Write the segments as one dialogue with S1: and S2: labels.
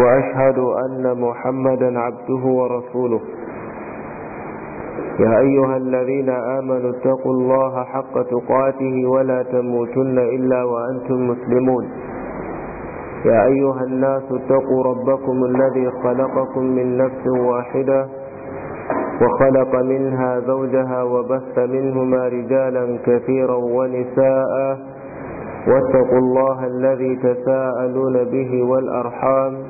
S1: وأشهد أن محمدا عبده ورسوله يا أيها الذين آمنوا اتقوا الله حق تقاته ولا تموتن إلا وأنتم مسلمون يا أيها الناس اتقوا ربكم الذي خلقكم من نفس واحدة وخلق منها زوجها وبث منهما رجالا كثيرا ونساء واتقوا الله الذي تساءلون به والأرحام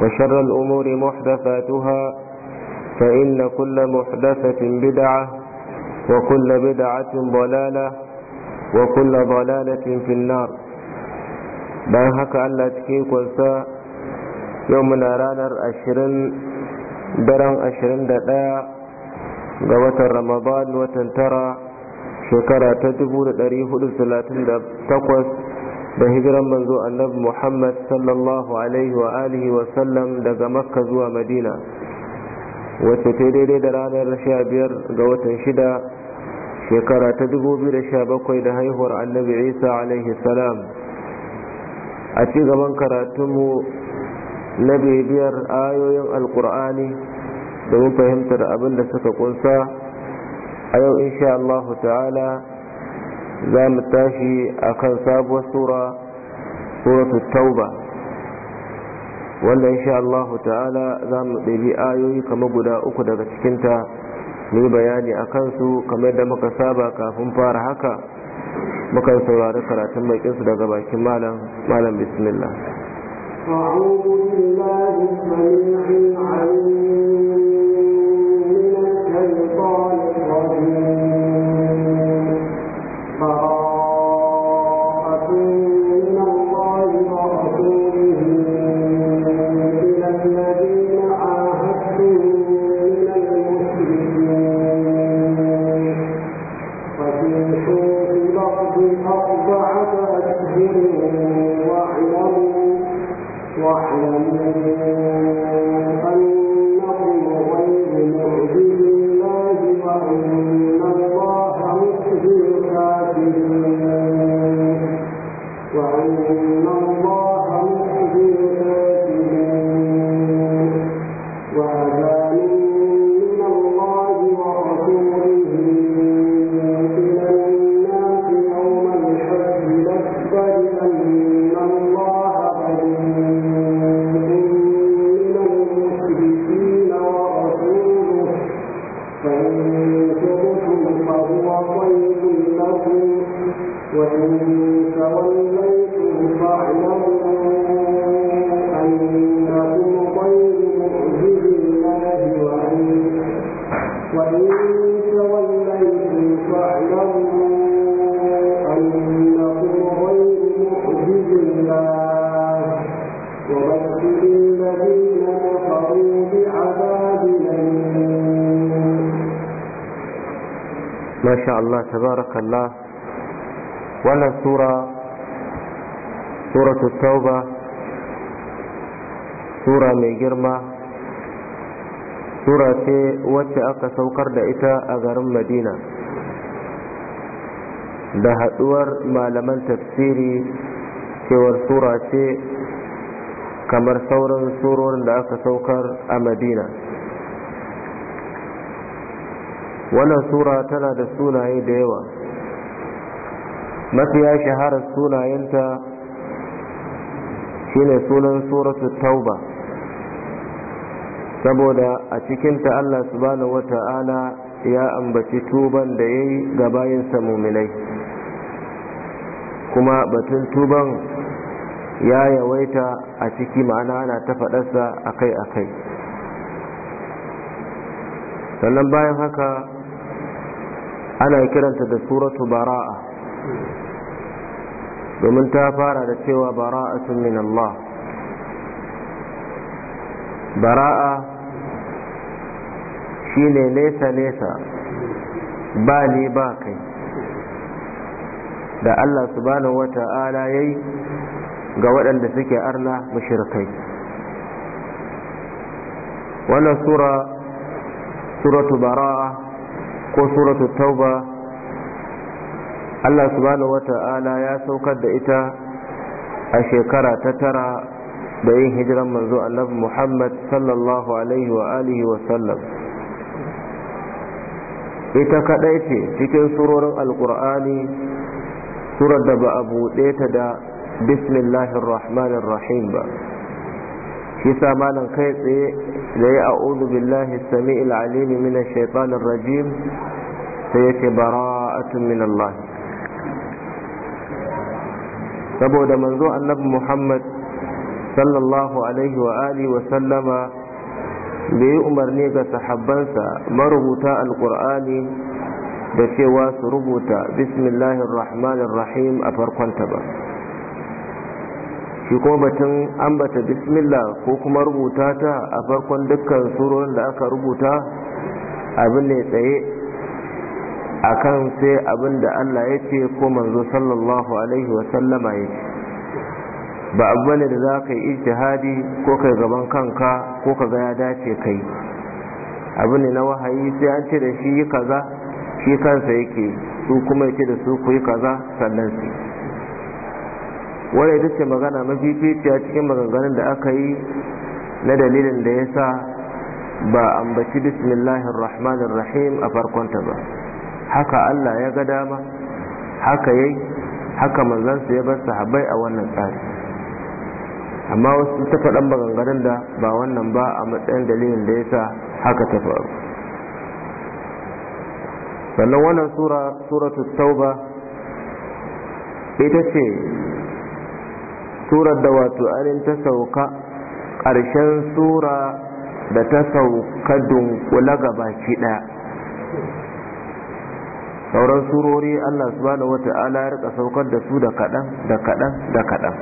S1: وشر الأمور محدثاتها فإن كل محدثة بدعة وكل بدعة ضلالة وكل ضلالة في النار بان هكا ألا تكيك وسا يومنا رانر أشرين درن أشرين دقاء قوة رمضان وتنترى شكرا تجبو لتريه لسلاتين تقوس da hijiran manzo annabi Muhammad sallallahu alaihi wa alihi wa sallam daga Makka zuwa Madina wacce ta daidai da ranar sha biyar ga watan shida shekara ta dubu biyu da sha bakwai da haihuwar annabi Isa alaihi salam a ci gaban karatunmu na bibiyar ayoyin alkur'ani domin fahimtar abin da suka kunsa a yau insha Allah ta'ala za mu tashi a kan sabuwar tsura suratu tauba wanda insha Allah ta'ala za mu ɗabi ayoyi kamar guda uku daga cikinta ne bayani a kansu kamar da muka saba kafin fara haka muka saurari karatun bakinsu daga bakin malam malam bismillah
S2: أعوذ بالله
S1: tabarakallah wannan sura suratul tauba sura mai girma sura ce wacce aka saukar da ita a garin madina da haɗuwar malaman tafsiri cewar sura kamar sauran surorin da aka saukar a madina wannan sura tana da sunaye da yawa mafiya shaharar sunayenta shine sunan suratu tauba saboda a cikinta Allah subhanahu wata'ala ya ambaci tuban da ya yi ga bayansa muminai kuma batun tuban ya yawaita a ciki ma'ana ana ta faɗarsa akai-akai sannan bayan haka ana kiranta da suratu bara'a domin ta fara da cewa sun min Allah bara'a shi ne nesa-nesa ba ne ba kai da Allah subhanahu ta'ala ya yi ga waɗanda suke arna mushirkai wannan sura suratu bara'a ko suratul tauba Allah subhanahu ta'ala ya saukar da ita a shekara ta tara da yin hijiran manzo annabi Muhammad sallallahu alaihi wa alihi wa sallam ita kadai ce cikin surorin alkur'ani surar da ba a buɗe ta da bismillahir rahmanir rahim ba shi sa malam kai tsaye da ya a'udhu billahi sami alim min ash rajim sai yake bara'atun min Allah saboda manzo annabi Muhammad sallallahu alaihi wa wa sallama bai yi umarni ga sahabbansa marubuta alqur'ani da cewa su rubuta bismillahir rahmanir rahim a farkonta ba shi kuma batun ambata bismillah ko kuma rubuta ta a farkon dukkan surorin da aka rubuta abin ne tsaye a kan sai abin da Allah ya ce ko manzo sallallahu alaihi wasallama ya ce ba abu ne da za ka yi ijtihadi ko kai gaban kanka ko ka ga ya dace kai abu ne na wahayi sai an ce da shi yi kaza shi kansa yake su kuma ya da su ku yi kaza sannan su wadda ita ce magana mafificiya cikin maganganun da aka yi na dalilin da ya sa ba ambaci bismillahir rahmanir rahim a farkonta ba haka Allah ya ga dama haka yai haka manzansa ya bar sahabbai a wannan tsari amma wasu ta faɗan maganganun da ba wannan ba a matsayin dalilin da ya sa haka ta faru sannan wannan sura suratu tauba ita ce surar da wato anin ta sauka ƙarshen sura da ta sauka dunkula gabaki ɗaya sauran surori Allah subhanahu wata'ala ya rika saukar da su da kaɗan da kaɗan da kaɗan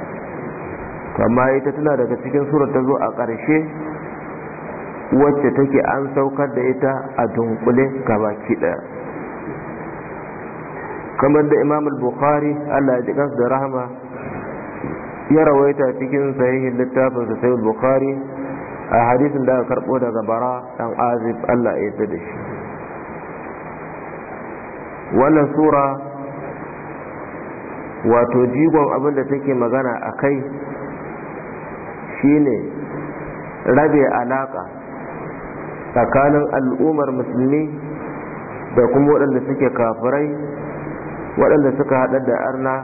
S1: amma ita tana daga cikin surar ta zo a ƙarshe wacce take an saukar da ita a dunkule gabaki ɗaya kamar da imam al-bukhari Allah ya ji da rahama ya rawaita cikin sahihin littafin sa sayyid bukhari a hadisin da aka karbo daga bara dan azib Allah ya yarda da shi wannan sura wato jigon abin da take magana a kai shine rabe alaka tsakanin al'ummar musulmi da kuma waɗanda suke kafirai waɗanda suka haɗa da arna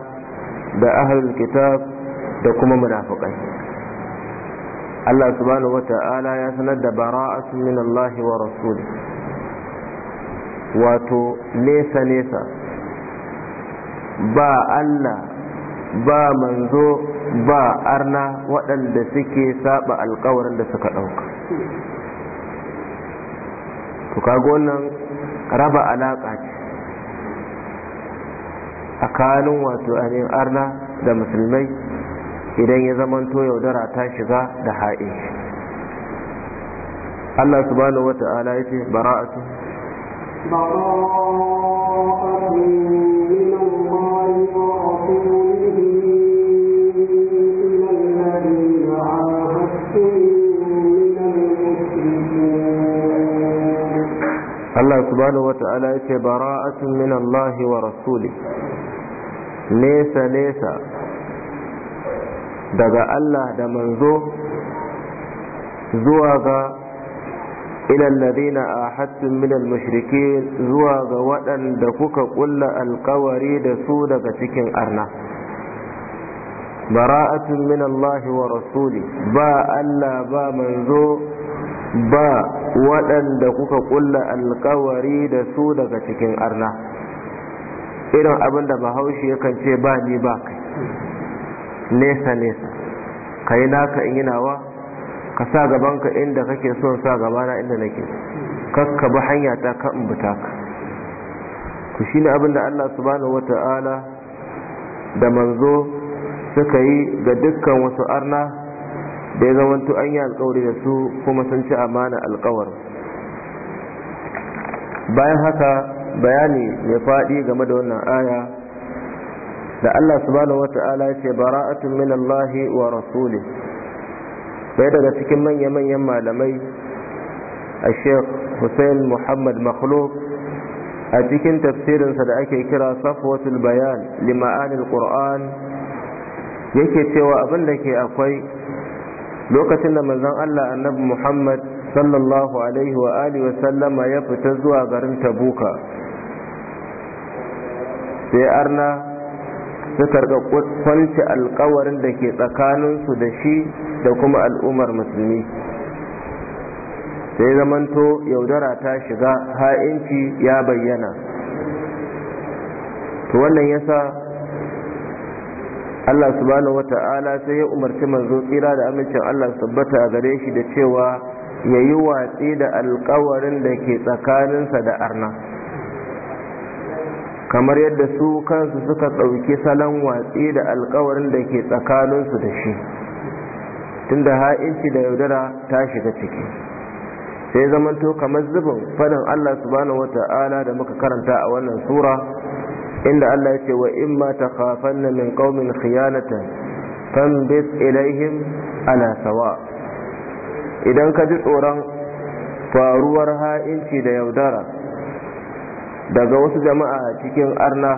S1: da ahlul kitab da kuma munafiqai Allah subhanahu wata'ala ya sanar da bara'atu min Allah wa rasuli wato nesa nesa ba Allah ba manzo ba arna waɗanda suke saba alkawarin da suka ɗauka to ga wannan raba alaƙa ce tsakanin wato arna da musulmai idan ya zamanto yaudara ta shiga da ha'i. Allah subhanahu wa ta'ala ya ce bara'atu Allah subhanahu wa ta'ala ya ce min Allah wa rasuli nesa nesa daga Allah da manzo zuwa ga ilan a hattun minal mashirki zuwa ga waɗanda kuka kulla alkawari da su daga cikin arna bara'atun min Allah wa rasuli ba Allah ba manzo ba waɗanda kuka ƙulla alkawari da su daga cikin arna irin abin da bahaushe yakan ce ba ni ba kai nesa nesa ka yi naka in yi ka sa gabanka inda kake son sa gabana inda nake kakka bi hanya ta ka in buta ka ku shi abin da Allah subhanahu wata'ala da manzo suka yi ga dukkan wasu arna da ya zamanto an yi alkawari da su kuma sun ci amana alkawar bayan haka bayani mai faɗi game da wannan aya da Allah subhanahu ta'ala ya ce bara'atun min Allah wa rasuli sai daga cikin manya-manyan malamai a sheikh Hussein Muhammad Makhluk a cikin tafsirinsa da ake kira safwatul bayan lima'anil Qur'an yake cewa abin da ke akwai lokacin da manzon Allah annabi Muhammad sallallahu alaihi wa alihi wa sallama ya fita zuwa garin Tabuka sai arna suka rika kwanci alkawarin da ke tsakaninsu da shi da kuma al'ummar musulmi sai zamanto yaudara ta shiga ha'inci ya bayyana to wannan yasa Allah subhanahu wata'ala sai ya umarci manzo tsira da amincin Allah tabbata a gare shi da cewa ya yi watsi da alkawarin da ke tsakaninsa da arna kamar yadda su kansu suka ɗauki salon watsi da alkawarin da ke tsakaninsu da shi tunda ha'inci da yaudara ta shiga ciki sai zamanto kamar zubin fadin Allah subhanahu wata'ala da muka karanta a wannan sura inda Allah ya ce wa in ma takhafanna min qaumin khiyanatan fanbit ilaihim ala sawa idan ka ji tsoron faruwar ha'inci da yaudara daga wasu jama'a cikin arna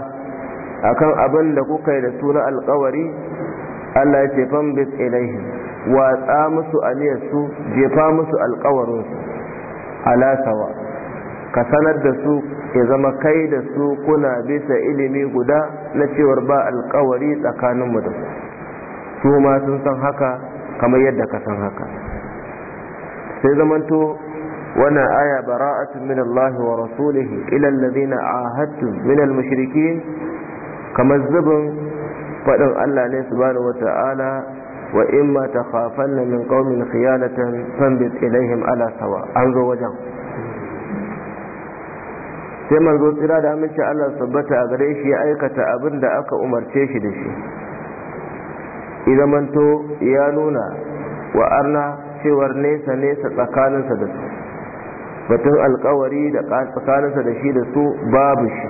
S1: akan abin da kuka yi da suna alkawari Allah ya ce bis ilaihi watsa musu aliyarsu jefa musu alkawarinsu ala sawa ka sanar da su ya zama kai da su kuna bisa ilimi guda na cewar ba alkawari tsakaninmu da su su ma sun san haka kamar yadda ka san haka sai zamanto wannan aya bara'atun min Allah wa rasulihi ila alladhina ahadtum min al-mushrikeen kamar zubin fadin Allah ne subhanahu wata'ala wa imma takhafanna min qaumin khiyanatan fanbit ilaihim ala sawa an zo wajen sai manzo tsira da aminci Allah sabbata a gare shi ya aikata abin da aka umarce shi da shi manto ya nuna wa arna cewar nesa nesa tsakaninsa da su batun alkawari da tsakaninsa da shi da su babu shi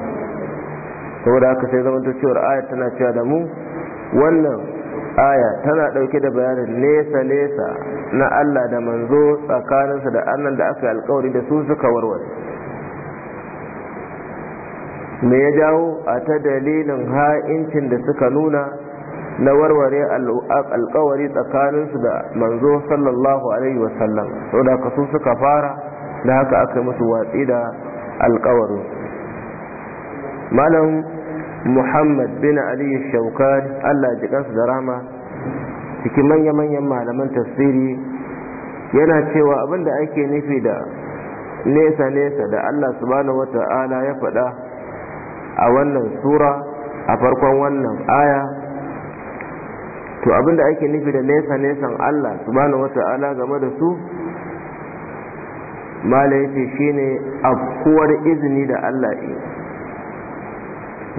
S1: saboda haka sai zama cewar aya tana cewa da mu wannan aya tana ɗauke da bayanin nesa nesa na Allah da manzo tsakaninsa da annan da aka yi alkawari da su suka warware me ya jawo a ta dalilin ha'incin da suka nuna na warware alkawari tsakaninsu da manzo sallallahu alaihi wasallam saboda ka su suka fara da haka aka musu watsi da alkawari malam muhammad bin ali shaukar allah jikansu da rama cikin manya-manyan malaman tasiri, yana cewa abin da ake nufi da nesa-nesa da allah subhanahu wa ta'ala ya faɗa a wannan sura a farkon wannan aya to abin ake nufi da nesa-nesan allah subhanahu wa ta'ala game da su mala shi shine afkuwar izini da Allah yi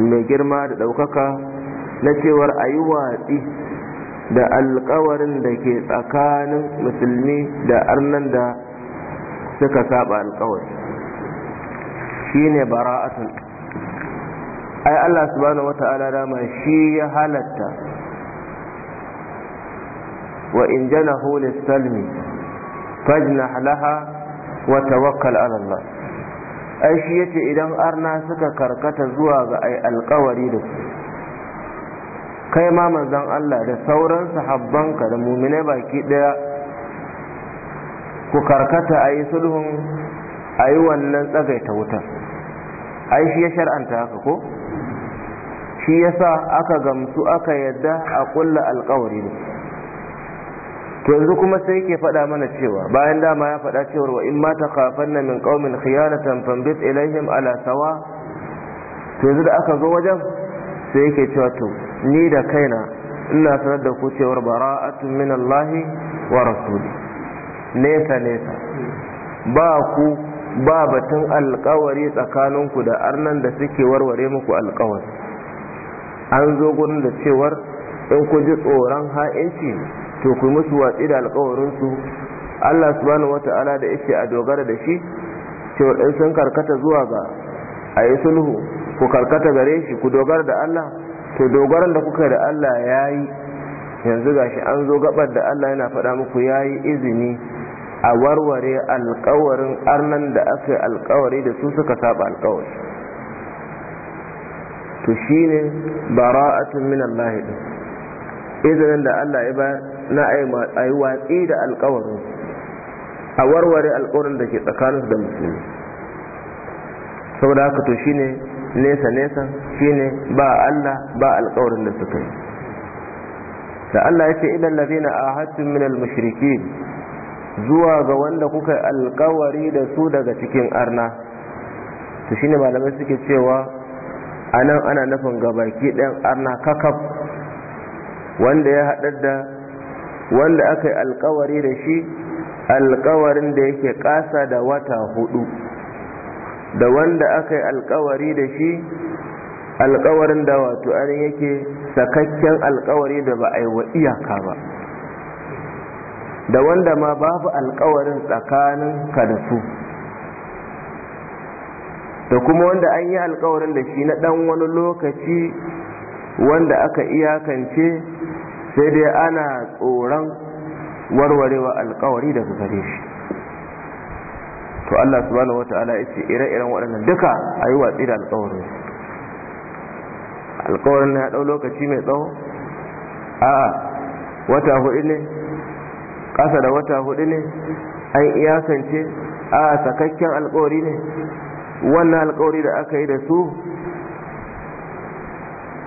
S1: mai girma da ɗaukaka na cewar a yi watsi da alkawarin da ke tsakanin musulmi da arnan da suka saba alkawari shine bara'atun ai Allah subhanahu wata'ala dama shi ya halatta wa in jana hulis salmi Fajna halaha wa tawakkal ala Allah ai shi yace idan arna suka karkata zuwa ga ai alƙawari da su kai ma manzon Allah da sauran sahabbanka da mu'minai baki daya ku karkata ayi sulhun ayi wannan tsagaita wuta ai shi ya shar'anta haka ko shi yasa aka gamsu aka yadda a kulla alkawari da su to yanzu kuma sai yake faɗa mana cewa bayan dama ya faɗa cewar wa in ma kafanna min qaumin khiyanatan fambit ilaihim ala sawa to yanzu da aka zo wajen sai yake cewa to ni da kaina ina sanar da ku cewa bara'atu min Allah wa rasuli nesa nesa ba ku ba batun alkawari ku da arnan da suke warware muku alkawari an zo gurin da cewar in ku ji tsoron ha'inci to ku musu watsi da alkawarinsu Allah subhanahu wata'ala da yake a dogara da shi cewa in sun karkata zuwa ga a yi sulhu ku karkata gare shi ku dogara da Allah to dogaran da kuka da Allah ya yi yanzu gashi an zo gabar da Allah yana faɗa muku ya yi izini a warware alkawarin arnan da aka yi alkawari da su suka saba alkawari to shine bara'atun min Allah idan da Allah ya bayar na a yi watsi da alkawarin a warware alkawarin da ke tsakanin da musulmi saboda haka to shine nesa nesa shine ba Allah ba alkawarin da suka yi da Allah ya ce idan a ahadtum min al zuwa ga wanda kuka alkawari da su daga cikin arna to shine malamai suke cewa a nan ana nufin baki ɗan arna kakaf wanda ya haɗar da wanda aka yi alkawari da shi alkawarin da yake ƙasa da wata hudu da wanda aka yi alkawari da shi alkawarin da wato an yake sakakken alkawari da ba a yi wa iyaka ba da wanda ma babu alkawarin tsakanin ka da su da kuma wanda an yi alkawarin da shi na ɗan wani lokaci wanda aka iyakance sai dai ana tsoron warwarewa alkawari daga gare shi to Allah subhanahu wata'ala ya ce ire-iren waɗannan duka a yi watsi da alkawarin alkawarin na ya ɗau lokaci mai tsawo a wata hudu ne ƙasa da wata hudu ne an iyakance a sakakken alkawari ne wannan alkawari da aka yi da su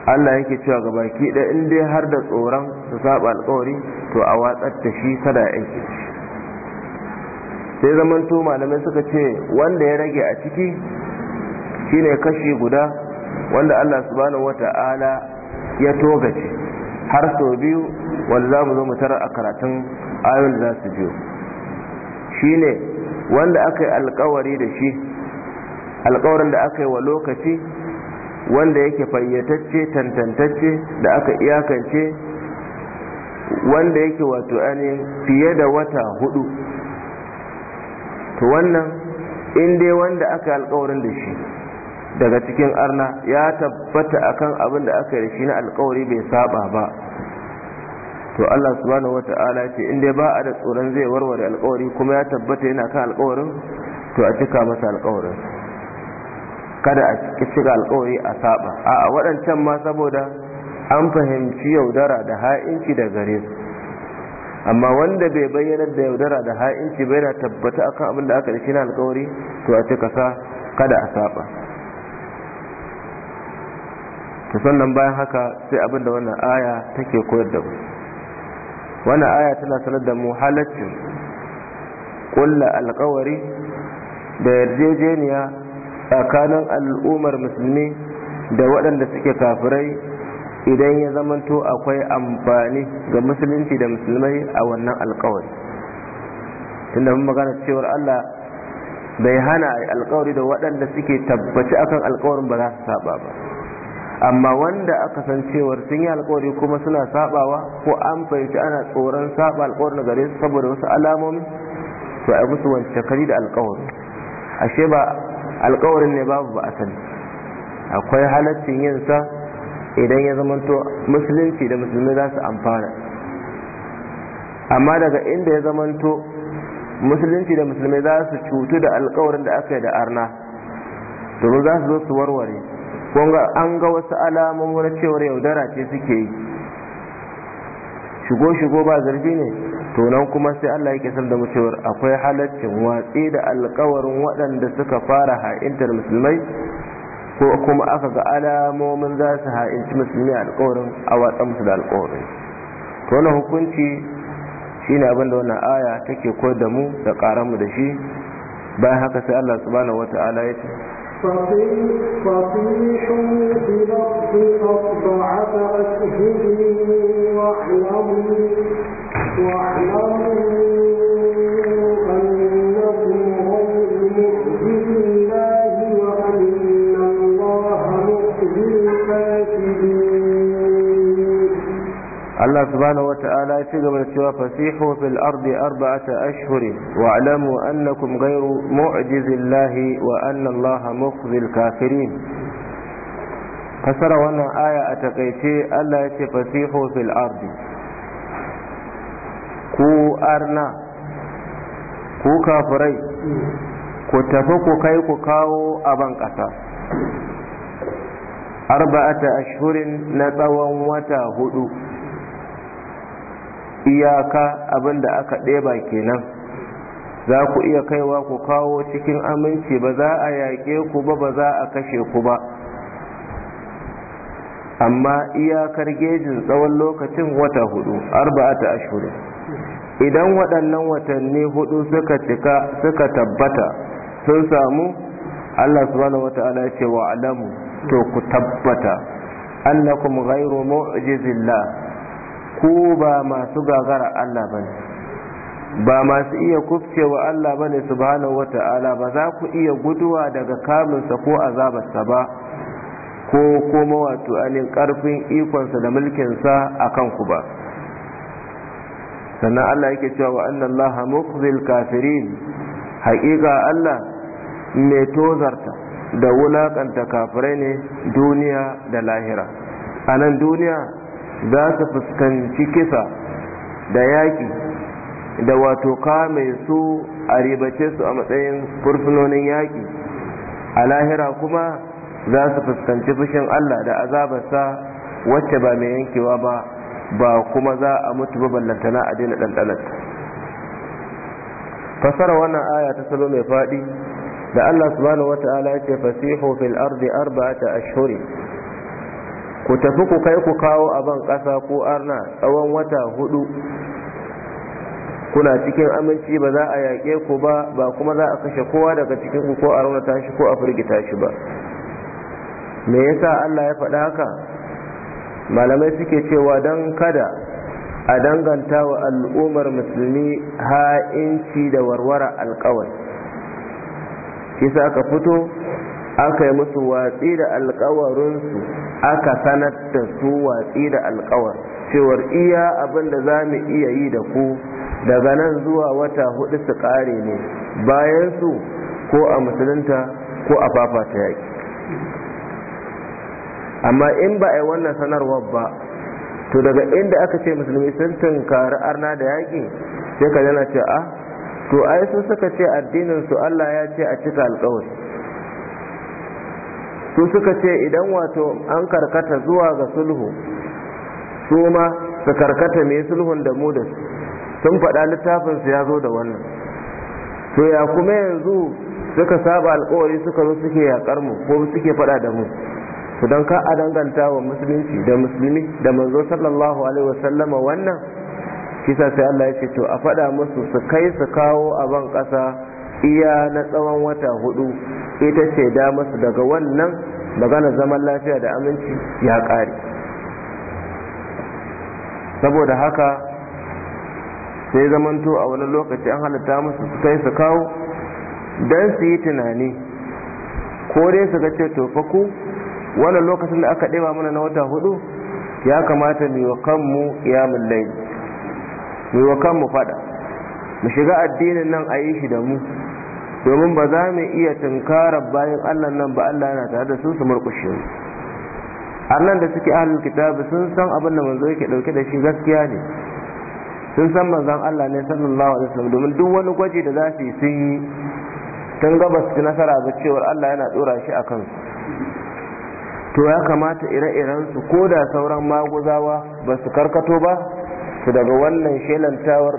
S1: Allah yake cewa ga baki da in dai har da tsoron su saba alkawari to a watsar da shi kada ya aiki sai zaman to malamai suka ce wanda ya rage a ciki shine kashi guda wanda Allah subhanahu wata'ala ya togace har sau biyu wanda za mu zo mu tara a karatun ayon da za su biyo shine wanda aka yi alkawari da shi alkawarin da aka yi wa lokaci wanda yake fayyatacce tantantacce da aka iyakance wanda yake wato ani fiye da wata hudu to wannan in dai wanda aka alkawarin da shi daga cikin arna ya tabbata akan abin da aka yi da shi na alkawari bai saba ba to Allah subhanahu wata'ala ce in dai ba a da tsoron zai warware alkawari kuma ya tabbata yana kan alkawarin to a cika masa alkawarin kada a shiga alkawari a saba a waɗancan ma saboda an fahimci yaudara da ha'inci da gare su amma wanda bai bayyana da yaudara da ha'inci bai na tabbata akan abin da aka da na alkawari to a cika sa kada a saba to sannan bayan haka sai abin da wannan aya take koyar da mu wannan aya tana sanar da mu halaccin kulla alkawari da yarjejeniya tsakanin al'ummar musulmi da waɗanda suke kafirai idan ya zamanto akwai amfani ga musulunci da musulmai a wannan alkawari tunda mun magana cewar Allah bai hana alkawari da waɗanda suke tabbaci akan alkawarin ba za su saba ba amma wanda aka san cewar sun yi alkawari kuma suna sabawa ko an fahimci ana tsoron saba alkawarin gare su saboda wasu alamomi to a musu wancan kari da alkawari ashe ba alkawarin ne babu ba asali akwai halaccin yin sa idan ya to musulunci da musulmi za su amfana amma daga inda ya zamanto musulunci da musulmi za su cutu da alkawarin da aka yi da arna domin za su zo su warware kunga an ga wasu alamomi na cewar yaudara ce suke yi shigo-shigo ba zargi ne to nan kuma sai Allah yake san da mu akwai halaccin watsi da alkawarin waɗanda suka fara ha'intar musulmai ko kuma aka ga alamomin za su ha'inci musulmi alkawarin a watsan musu da alkawarin to na hukunci shine abin da wannan aya take koyar da mu da ƙaran mu da shi bayan haka sai Allah subhanahu wata'ala ya ce
S2: فصيحوا الله
S1: سبحانه وتعالى من السوا فسيحوا في الأرض أربعة أشهر واعلموا أنكم غير معجز الله وأن الله مخزي الكافرين فسروا أن آية أتقيتي ألا يتفسيحوا في الأرض ku arna ku kafirai ku tafi ku kai ku kawo a ƙasa arba'ata ashhurin na tsawon wata hudu iyaka abin da aka ɗeba kenan za ku iya kaiwa ku kawo cikin aminci ba za a yaƙe ku ba ba za a kashe ku ba amma iyakar gejin tsawon lokacin wata hudu arba'ata ashhurin idan waɗannan watanni hudu suka cika suka tabbata sun samu Allah subhanahu wata'ala ya ce wa alamu to ku tabbata annakum ghairu mu'jizillah ku ba masu gagara Allah bane ba masu iya kufcewa Allah bane subhanahu wata'ala ba za ku iya guduwa daga kamunsa ko azabarsa ba ko kuma wato anin karfin ikonsa da mulkinsa a kanku ba sannan Allah yake cewa wa anna Allah mukhzil kafirin haƙiƙa Allah mai tozarta da wulaƙanta kafirai ne duniya da lahira a nan duniya za su fuskanci kisa da yaƙi da wato kame su a ribace su a matsayin fursunonin yaƙi a lahira kuma za su fuskanci fushin Allah da azabarsa wacce ba mai yankewa ba ba kuma za a mutu ba ballantana a daina ɗanɗanar fasara wannan aya ta salo mai faɗi da Allah subhanahu wata'ala ya ce fasihu fil ardi arba'ata ashhuri ku tafi ku kai ku kawo a ban ƙasa ko arna tsawon wata hudu kuna cikin aminci ba za a yaƙe ku ba ba kuma za a kashe kowa daga cikin ku ko a raunata shi ko a firgita shi ba me yasa Allah ya faɗa haka malamai suke cewa don kada a danganta wa al'ummar musulmi ha'inci da warware alkawari shi sa aka fito aka yi musu watsi da alkawarinsu aka sanar da su watsi da alkawar cewar iya abin da za mu iya yi da ku daga nan zuwa wata hudu su kare ne bayan su ko a musulunta ko a fafata yaki amma in ba a yi wannan sanarwar ba to daga inda aka ce musulmi sun tunkari arna da yaƙi sai ka yana ce a ah, to ai sun suka ce addinin su Allah ya ce a cika alƙawari su suka ce idan wato an karkata zuwa ga sulhu su ma su karkata mai sulhun da mu da su sun faɗa littafin su ya zo da wannan to ya kuma yanzu suka saba alƙawari suka zo suke yaƙar mu ko suke faɗa da mu to don ka a danganta wa musulunci da musulmi da manzo sallallahu alaihi wasallama wannan kisa sai Allah ya ce to a faɗa musu su kai su kawo a ban ƙasa iya na tsawon wata hudu ita ce da musu daga wannan magana zaman lafiya da aminci ya ƙare saboda haka sai zamanto a wani lokaci an halatta musu su kai su kawo don su yi tunani ko dai su ga ce to fa ku wannan lokacin da aka ɗeba mana na wata hudu ya kamata mu wa kanmu qiyamul layl mu wa kanmu fada mu shiga addinin nan a yi shi da mu domin ba za mu iya tunkarar bayan Allah nan ba Allah yana tare da su su murƙushe mu annan da suke ahlul kitabi sun san abin da manzo yake dauke da shi gaskiya ne sun san manzon Allah ne sallallahu alaihi wasallam domin duk wani gwaji da za su yi sun yi tun gaba su nasara ga cewar Allah yana dora shi a kansu to ya kamata ire-irensu ko da sauran maguzawa ba su karkato ba su daga wannan shelantawar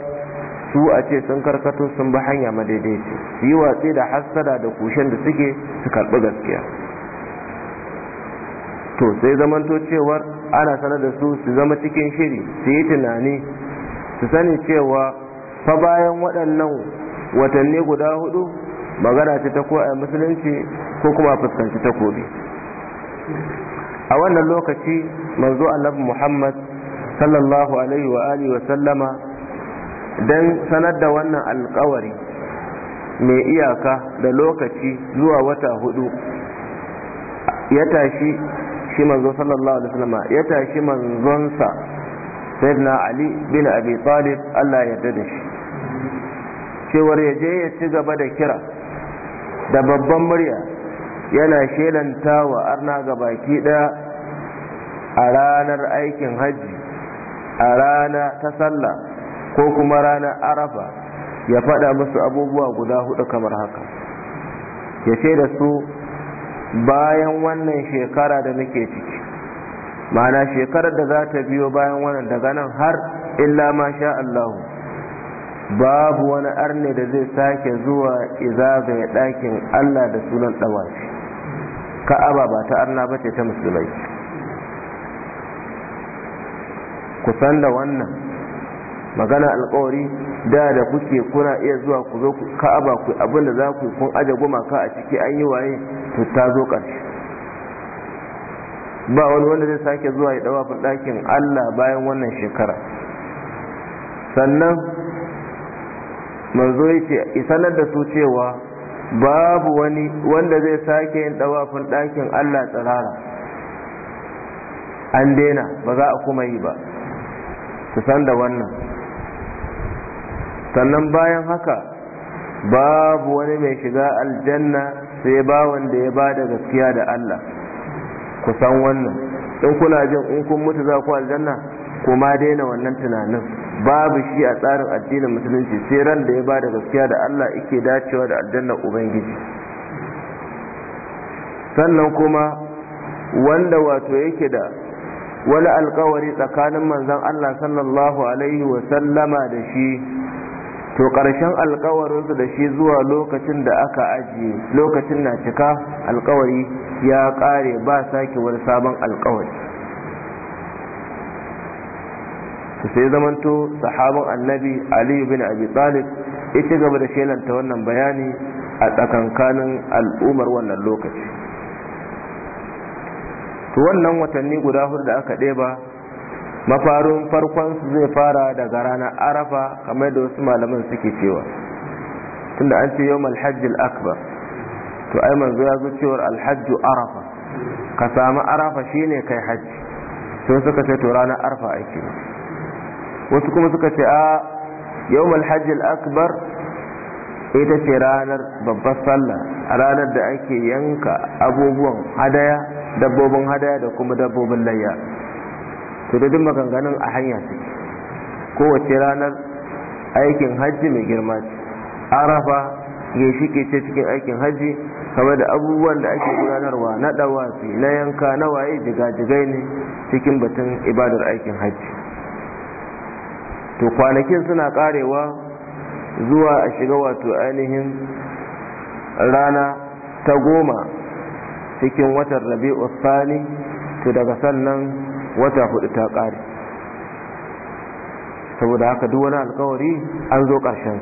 S1: su a ce sun karkato sun bi hanya madaidaici yi watsi da hassada da kushen da suke su karɓi gaskiya to sai zamanto cewar ana sanar da su su zama cikin shiri su yi tunani su sani cewa fa bayan waɗannan watanni guda hudu magana ce ta ko a musulunci ko kuma fuskanci takobi a wannan lokaci manzo Allah muhammad sallallahu alaihi wa alihi wa sallama dan sanar da wannan alƙawari mai iyaka da lokaci zuwa wata hudu ya tashi shi manzo sallallahu alaihi wa sallama ya tashi manzonsa sayyidina ali bin abi talib Allah ya yarda da shi cewar ya je ya ci gaba da kira da babban murya yana shelanta wa arna ga baki ɗaya a ranar aikin hajji a rana ta sallah ko kuma ranar arafa ya faɗa musu abubuwa guda hudu kamar haka ya ce da su bayan wannan shekara da muke ciki ma'ana shekarar da za ta biyo bayan wannan daga nan har illa ma sha Allahu babu wani arne da zai sake zuwa izagaye ɗakin Allah da sunan dawashi ka'aba ba ta Allah ba ce ta musulmai ku san da wannan magana alkawari da da kuke kuna iya zuwa ku zo ka'aba ku abin da za ku kun aje gumaka a ciki an yi waye to ta zo ƙarshe ba wani wanda zai sake zuwa ya dawa ɗakin Allah bayan wannan shekara sannan manzo ya isanar da su cewa babu wani wanda zai sake yin dawafin ɗakin Allah tsirara an daina ba za a kuma yi ba ku san da wannan sannan bayan haka babu wani mai shiga aljanna sai ba wanda ya ba da gaskiya da Allah ku san wannan in kuna jin in kun mutu za ku aljanna kuma daina wannan tunanin babu shi a tsarin addinin musulunci sai ran da ya ba da gaskiya da Allah yake dacewa da aljannar ubangiji sannan kuma wanda wato yake da wani alkawari tsakanin manzon Allah sallallahu alaihi wa sallama da shi to ƙarshen alkawarinsu da shi zuwa lokacin da aka ajiye lokacin na cika alkawari ya ƙare ba sake wani sabon alkawari su sai zamanto sahaban annabi ali bin abi talib ita ci gaba da shelanta wannan bayani a tsakankanin al'ummar wannan lokaci to wannan watanni guda hudu da aka ɗeba mafarin farkon su zai fara daga ranar arafa kamar da wasu malaman suke cewa tunda an ce yau malhajjil akbar to ai manzo ya zo cewar alhajju arafa ka samu arafa shine kai hajji sai suka ce to ranar arafa ake wasu kuma suka ce a yawmal al akbar ita ce ranar babbar sallah a ranar da ake yanka abubuwan hadaya dabbobin hadaya da kuma dabbobin layya to da duk maganganun a hanya ce kowace ranar aikin hajji mai girma ce arafa ya ke ce cikin aikin hajji kamar da abubuwan da ake gudanarwa na dawafi na yanka na waye jigai-jigai ne cikin batun ibadar aikin hajji to kwanakin suna karewa zuwa a shiga wato ainihin rana ta goma cikin watan rabi'u tsani to daga sannan wata hudu ta kare saboda haka duk wani alkawari an zo sa,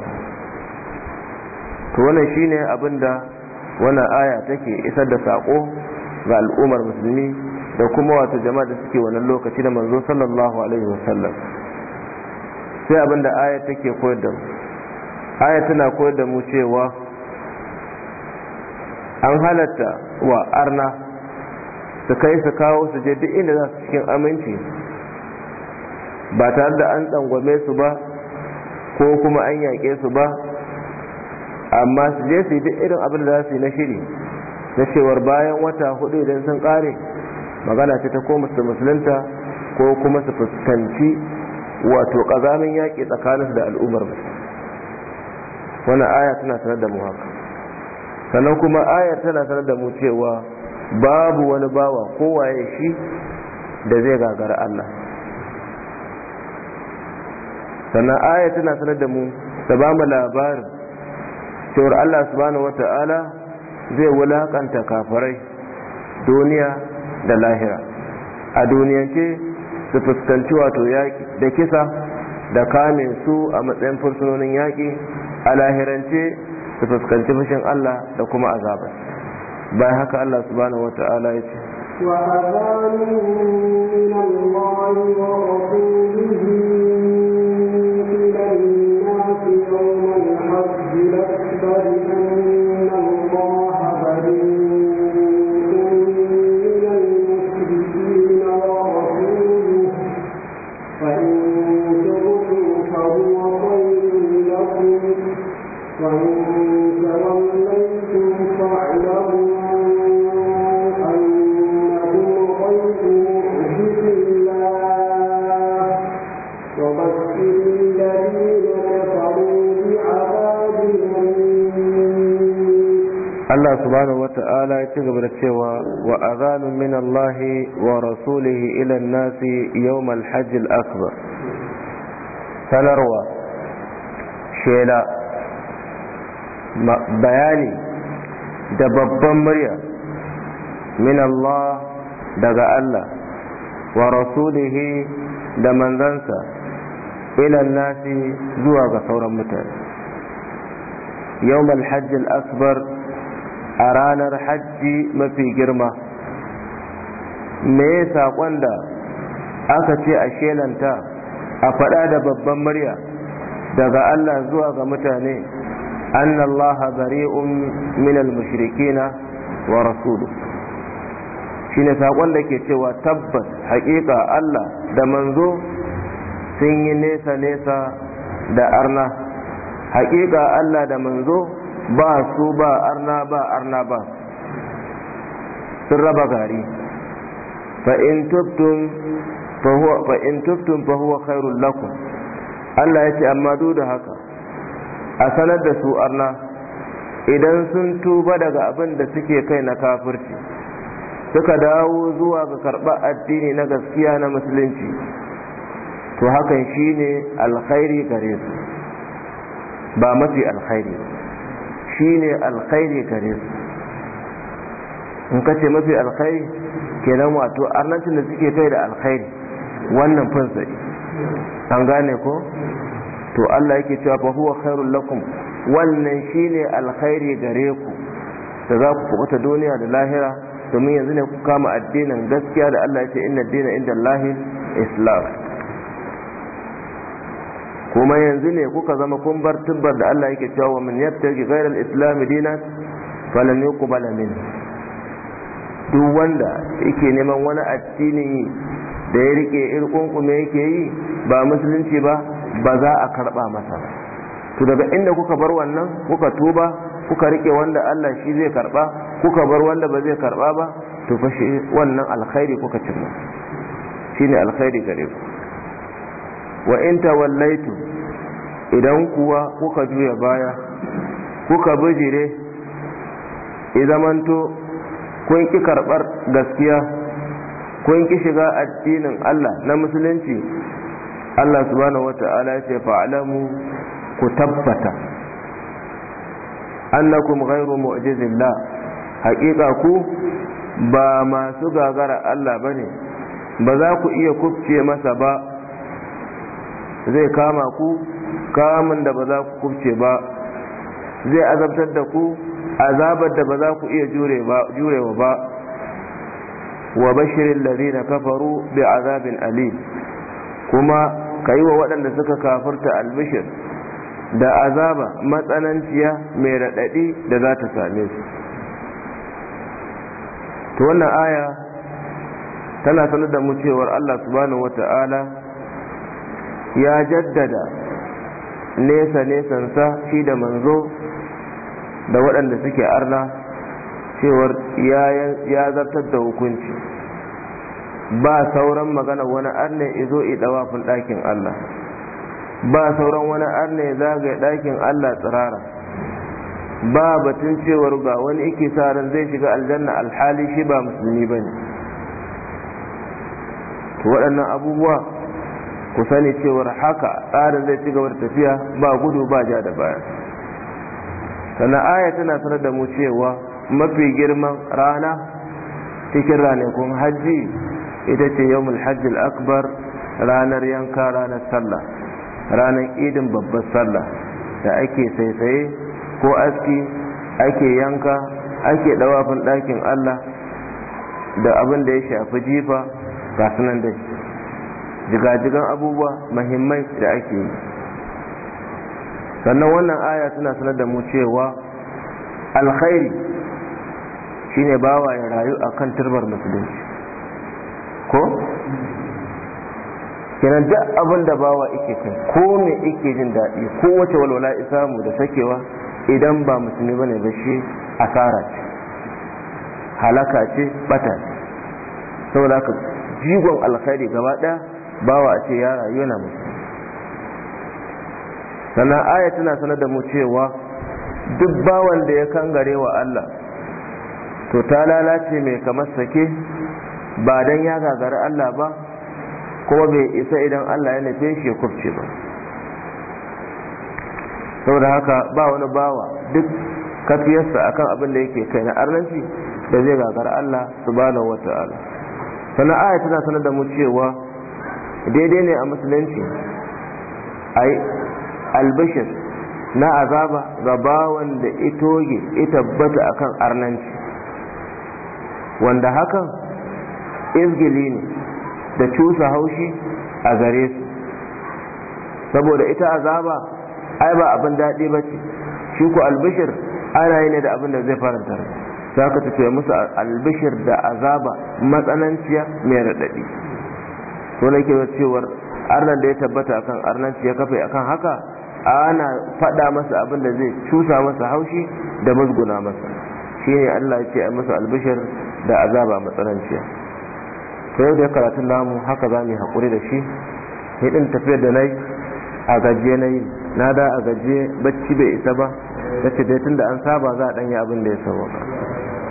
S1: to wannan shine abin da wannan aya take isar da sako ga al'ummar musulmi da kuma wato jama'a da suke wannan lokaci da manzo sallallahu alaihi wasallam sai abinda da aya take koyar da mu aya tana koyar da mu cewa an halatta wa arna su kai su kawo su je duk inda za su cikin aminci ba tare da an tsangwame su ba ko kuma an yaƙe su ba amma su je su yi duk irin abin da za su yi na shiri na cewar bayan wata hudu idan sun ƙare magana ce ta ko musulunta ko kuma su fuskanci wato kazamin yaƙi tsakanin da al'ummar wani aya tana sanar da mu haka sannan kuma ayar tana sanar da mu cewa babu wani bawa kowaye shi da zai gagara Allah sannan ayar tana sanar da mu da ba mu labarin cewar Allah subhanahu wata'ala zai wulakanta kafarai duniya da lahira a duniyance su fuskanci wato yaƙi da kisa da kame su a matsayin fursunonin yaƙi a lahirance su fuskanci fushin Allah da kuma azabar bayan haka Allah subhanahu wa ta'ala ya ce
S2: فَإِنْ تَرَوْا فَهُوَ خَیْرٌ لَکُمْ فَإِنْ تَرَوْا
S1: ta'ala ya ci gaba da cewa wa azanun min Allah wa rasulihi ila nasi yawmal hajj al-akbar sanarwa shela bayani da babban murya min Allah daga Allah wa rasulihi da manzansa ila nasi zuwa ga sauran mutane yawmal hajj al-akbar a ranar hajji mafi girma me saƙon da aka ce a shelanta a faɗa da babban murya daga Allah zuwa ga mutane an Allah bari'un min al-mushrikina wa rasulu shine saƙon da ke cewa tabbas haƙiƙa Allah da manzo sun yi nesa nesa da arna haƙiƙa Allah da manzo ba su ba arna ba arna ba sun raba gari fa'in tuftun fahuwa khairun lakum Allah ya ce amma duk da haka a sanar da su arna idan sun tuba daga abin da suke kai na kafirci suka dawo zuwa ga karɓar addini na gaskiya na musulunci to hakan shine alkhairi gare su ba mafi alkhairi ba shine alkhairi gare su in ka ce mafi alkhairi kenan wato arnancin da suke kai da alkhairi wannan fin an gane ko to Allah yake cewa fa huwa khairul lakum wannan shine alkhairi gare ku da za ku kubuta duniya da lahira domin yanzu ne ku kama addinin gaskiya da Allah ya ce inna dina inda Allahil islam kuma yanzu ne kuka zama kun bar tubbar da Allah yake cewa min yattaki ghayra al-islam dinan falan yuqbala min duk wanda yake neman wani addini da ya rike kuma yake yi ba musulunci ba ba za a karba masa to daga inda kuka bar wannan kuka tuba kuka rike wanda Allah shi zai karba kuka bar wanda ba zai karba ba to fashe wannan alkhairi kuka cimma shine alkhairi gare ku wa in tawallaitu idan kuwa kuka juya baya kuka bijire zamanto kun ki karɓar gaskiya kun ki shiga addinin Allah na musulunci Allah subhanahu wata'ala ya ce fa'alamu ku tabbata annakum ghairu mu'jizillah haƙiƙa ku ba masu gagara Allah bane ba za ku iya kufce masa ba zai kama ku kamun da ba za ku kubce ba zai azabtar da ku azabar da ba za ku iya jurewa ba wa bashirin na kafaru da azabin ali kuma ka yi wa waɗanda suka kafarta albishir da azaba matsananciya mai raɗaɗi da za ta same su to wannan aya tana sanar da mu cewar allah subhanahu ta'ala ya jaddada nesa nesansa shi da manzo da waɗanda suke arna cewar ya zartar da hukunci ba sauran magana wani arna arne izo ɗawafin ɗakin Allah ba sauran wani arna ya zagaye ɗakin Allah tsirara ba batun cewar ga wani ike sa ran zai shiga aljanna alhali shi ba musulmi ba ne waɗannan abubuwa ku sani cewar haka tsarin zai ci gaba da tafiya ba gudu ba ja da baya sannan aya tana sanar da mu cewa mafi girman rana cikin ranakun hajji ita ce yawmul hajjil akbar ranar yanka ranar sallah ranar idin babbar sallah da ake saisaye ko aski ake yanka ake dawafin ɗakin allah da abin da ya shafi jifa ga sunan dai jigajigan abubuwa mahimmai da ake yi sannan wannan aya tana sanar da mu cewa alkhairi shine bawa ya rayu a kan turbar musulunci ko kenan duk abin da bawa ike kai ko me ike jin daɗi ko wace walwala isamu da sakewa idan ba musulmi bane ba shi asara ce halaka ce bata ce saboda haka jigon alkhairi gaba ɗaya bawa a ce ya rayu yana mutu sannan aya tana sanar da mu cewa duk bawan da ya kangare wa Allah to ta lalace mai kamar sake ba dan ya gagari Allah ba kuma bai isa idan Allah ya nufe shi ya kurce ba saboda haka ba wani bawa duk kafiyarsa akan abin da yake kai na arnanci da zai gagar Allah subhanahu wata'ala sannan aya tana sanar da mu cewa daidai ne a musulunci ai albishir na azaba ga bawan da itoge itabbata akan arnanci wanda hakan izgili ne da cusa haushi a gare su saboda ita azaba ai ba abin daɗi ba ce shi ku albishir ana yi ne da abin da zai faranta za ka tafiya musu albishir da azaba matsananciya mai raɗaɗi to nake cewar arnan da ya tabbata akan arnanci ya kafe akan haka ana faɗa masa abin da zai cusa masa haushi da musguna masa shine Allah ya ce a masa albishir da azaba matsananciya to yau da karatun namu haka zamu mu yi haƙuri da shi ni din tafiyar da nayi a gaje nayi na da a gaje bacci bai isa ba nace dai tunda an saba za a dan yi abin da ya saba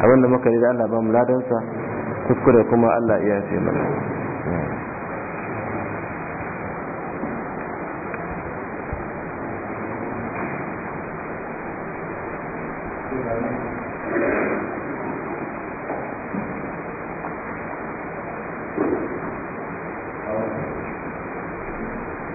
S1: abin da muka yi da Allah ba mu ladansa kuskure kuma Allah iya ce mana